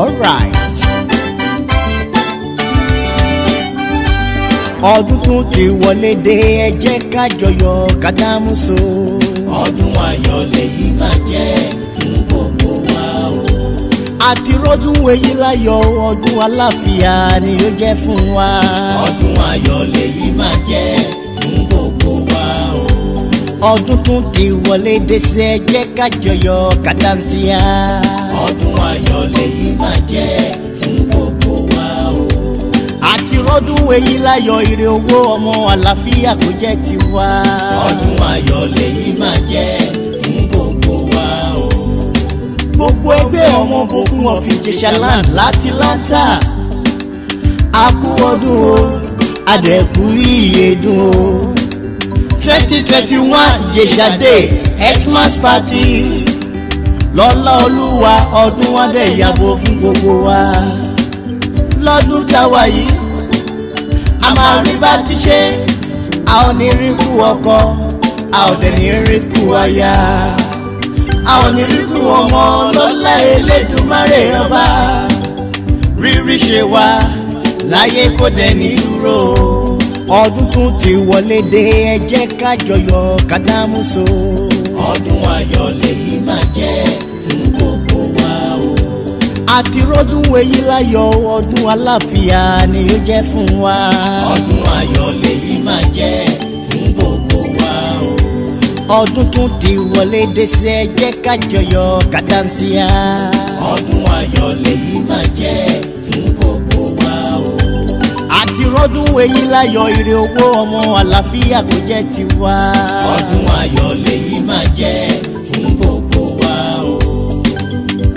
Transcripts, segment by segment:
alright. ọdún tún ti wọlé dé ẹ jẹ́ ká jọyọ̀ kádámúso. ọdún ayọ̀ lèyí máa jẹ́ fún gbogbo wa o. àti rọ́dún èyí láyọ̀ ọdún aláfíà ni ó jẹ́ fún wa. ọdún ayọ̀ lèyí máa jẹ́ ọdún tún ti wọlé dẹsẹ̀ jẹ́ ká jọyọ̀ kàdánsíà. ọdún ayọ̀ lèyí máa jẹ́ fún gbogbo wa o. àti rọ́dún èyí láyọ̀ ire owó ọmọ àlàáfíà kò jẹ́ tiwa. ọdún ayọ̀ lèyí máa jẹ́ fún gbogbo wa o. gbogbo ẹgbẹ́ ọmọ bòkun ọ̀fìn jẹ̀ṣàlán láti láńtà. a kú ọdún o adẹ̀kú iye dùn o. 2021 yèyàdé xmas party lọ́lá olúwa ọdún wọn dẹ̀ yàgò fún gbogbo wa lọ́dún táwa yìí a máa rí bá ti ṣe a ò ní rí kú ọkọ a ò dẹ̀ ní rí kú aya a ò ní rí kú ọmọ lọ́lá elédùnmáre ọba rírí ṣe wá láyé kó dẹ̀ ní dúró ọdún tún ti wọlé dé ẹ jẹ́ ká jọyọ̀ kádámúso. ọdún ayọ̀ lèyí máa jẹ́ fún gbogbo wa o. àti rọ́dún èyí láyọ̀ ọdún aláfíà ni ó jẹ́ fún wa. ọdún ayọ̀ lèyí máa jẹ́ fún gbogbo wa o. ọdún tún ti wọlé dé ṣe ẹ jẹ́ ká jọyọ̀ kádànsíà. ọdún ayọ̀ lèyí máa jẹ́ fún gbogbo wa o ti rọ́dún èyí láyọ̀ ire owó ọmọ àlàáfíà kò jẹ́ tiwa. ọdún ayọ̀ lèyí máa jẹ́ fún gbogbo wa o.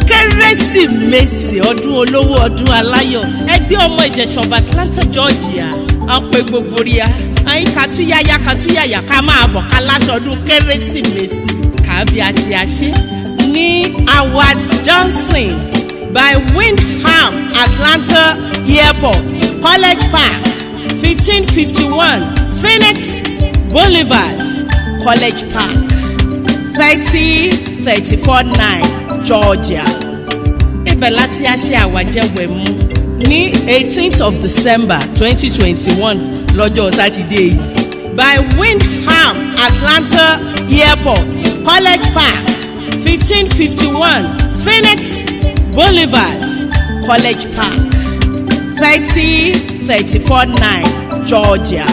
kérésìmesì ọdún olówó ọdún aláyọ̀ ẹgbẹ́ ọmọ ìjẹ̀ṣọba Atlanta Georgia ọ̀pọ̀ gbogbo rí a ẹ̀yin kàtúyàyà kàtúyàyà ká máa bọ̀ ká láṣọ ọdún kérésìmesì kàbí àti àṣẹ ní Howard Johnson by Windham Atlanta Airport. College Park 1551 Phoenix Boulevard College Park thirty Georgia ibẹ̀ láti á ṣe àwàjẹwẹ̀ mu ní eighteenth of December 2021. twenty one lọ́jọ́ sátidé yìí by Windham Atlanta Airport College Park 1551 Phoenix Boulevard College Park thirty thirty four nine Georgia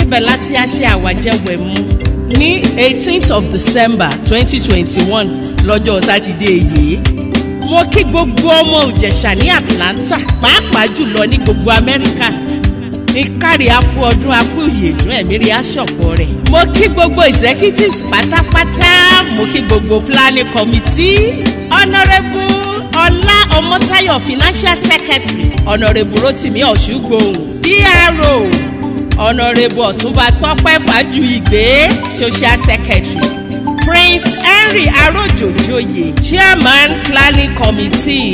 ibẹ̀ láti á ṣe àwàjẹwẹ̀ mu ní eighteenth of December twenty twenty one lọ́jọ́ sátidé yìí mo kí gbogbo ọmọ Òjẹ̀ṣà ní Atlanta pàápàá jùlọ ní gbogbo Amẹ́ríkà ní kárí apú ọdún apú ìyèdún ẹ̀mí rí aṣọ̀pọ̀ rẹ̀. mo kí gbogbo executives pátápátá mo kí gbogbo planning committee honourable ọlá ọmọtayọ financial secretary ọ̀nàrẹ́bù rotimi ọ̀ṣùgbòhùn dro ọ̀nàrẹ́bù ọ̀túnba tọ́pẹ́ fàájú-ìgbé social secretary prince henry arojojoye chairman planning committee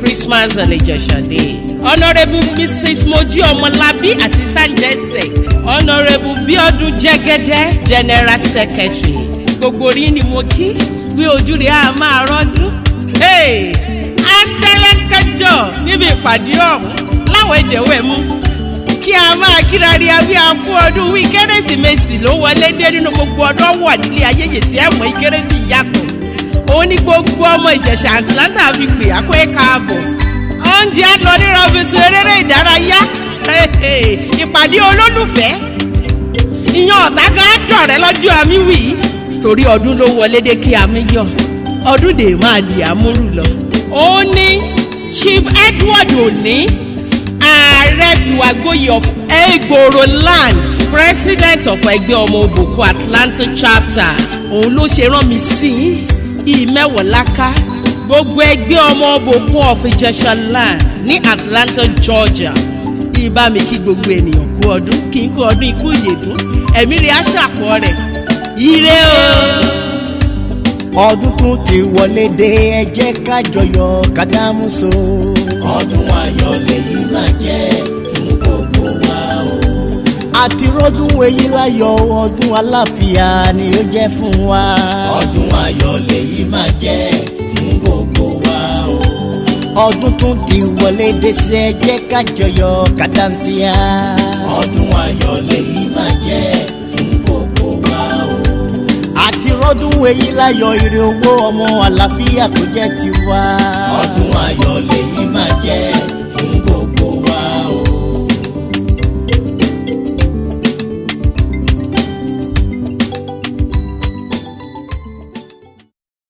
christmas and ìjọsọ̀dé honourable mrs mojí ọmọlábí assistant Jesse, honourable bíọ́dún jẹ́gẹ́dẹ́ general secretary gbogbo rí ni mo kí wí ojúre a máa rọ́dún. Hey! kẹ́lẹ́kẹ́jọ níbi ìpàdé ọ̀hún láwọn ìjẹ̀wẹ̀ mú kí a máa kíra rí abí a kú ọdún wí kérésìmesì ló wọlé dé nínú gbogbo ọdún ọwọ́ nílé ayéyè sí ẹ̀mọ́ ìkérésì yàtọ̀ òun ní gbogbo ọmọ ìjẹ̀ṣà àtìláńtà fi pè àkó ẹ̀ka oúnjẹ lọ ní rọ́bìtì eré ìdárayá ìpàdé olólùfẹ́ ìyàn ọ̀tá kan dọ̀rẹ́ lọ́jọ́ àmì wì torí ọdún ló wọlé dé kí a mi yọ ọdún dè máa di àmúrù lọ ó ní Chief Edward Oni ààrẹ Fiwágóyè of Land, president of ẹgbẹ́ ọmọ Òbòkò Atlantic chapter òun ló ṣe rán mi sí ìmẹ́wọ̀láká gbogbo ẹgbẹ́ ọmọ Òbòkò of Ìjẹ̀ṣà land ní Atlanta Georgia ibà mi kí gbogbo ènìyàn kú ọdún kí n kú ọdún ikú ìyèdún ẹ̀mí rẹ̀ á ṣàkọ́ rẹ̀ ire o ọdún tún ti wọlé dé ẹ jẹ́ ká jọyọ̀ kádámúso. ọdún ayọ̀ lèyí máa jẹ́ fún gbogbo wa o. àti rọ́dún èyí láyọ̀ ọdún aláfíà ni ó jẹ́ fún wa. ọdún ayọ̀ lèyí máa jẹ́ fún gbogbo wa o. ọdún tún ti wọlé dé ṣe ẹ jẹ́ ká jọyọ̀ kádànsíà. ọdún ayọ̀ lèyí máa jẹ́. fáwọn eyín láyọ̀ ire owó ọmọ àlàáfíà tó jẹ́ tiwa. ọdún ayọ̀ lèyí máa jẹ́.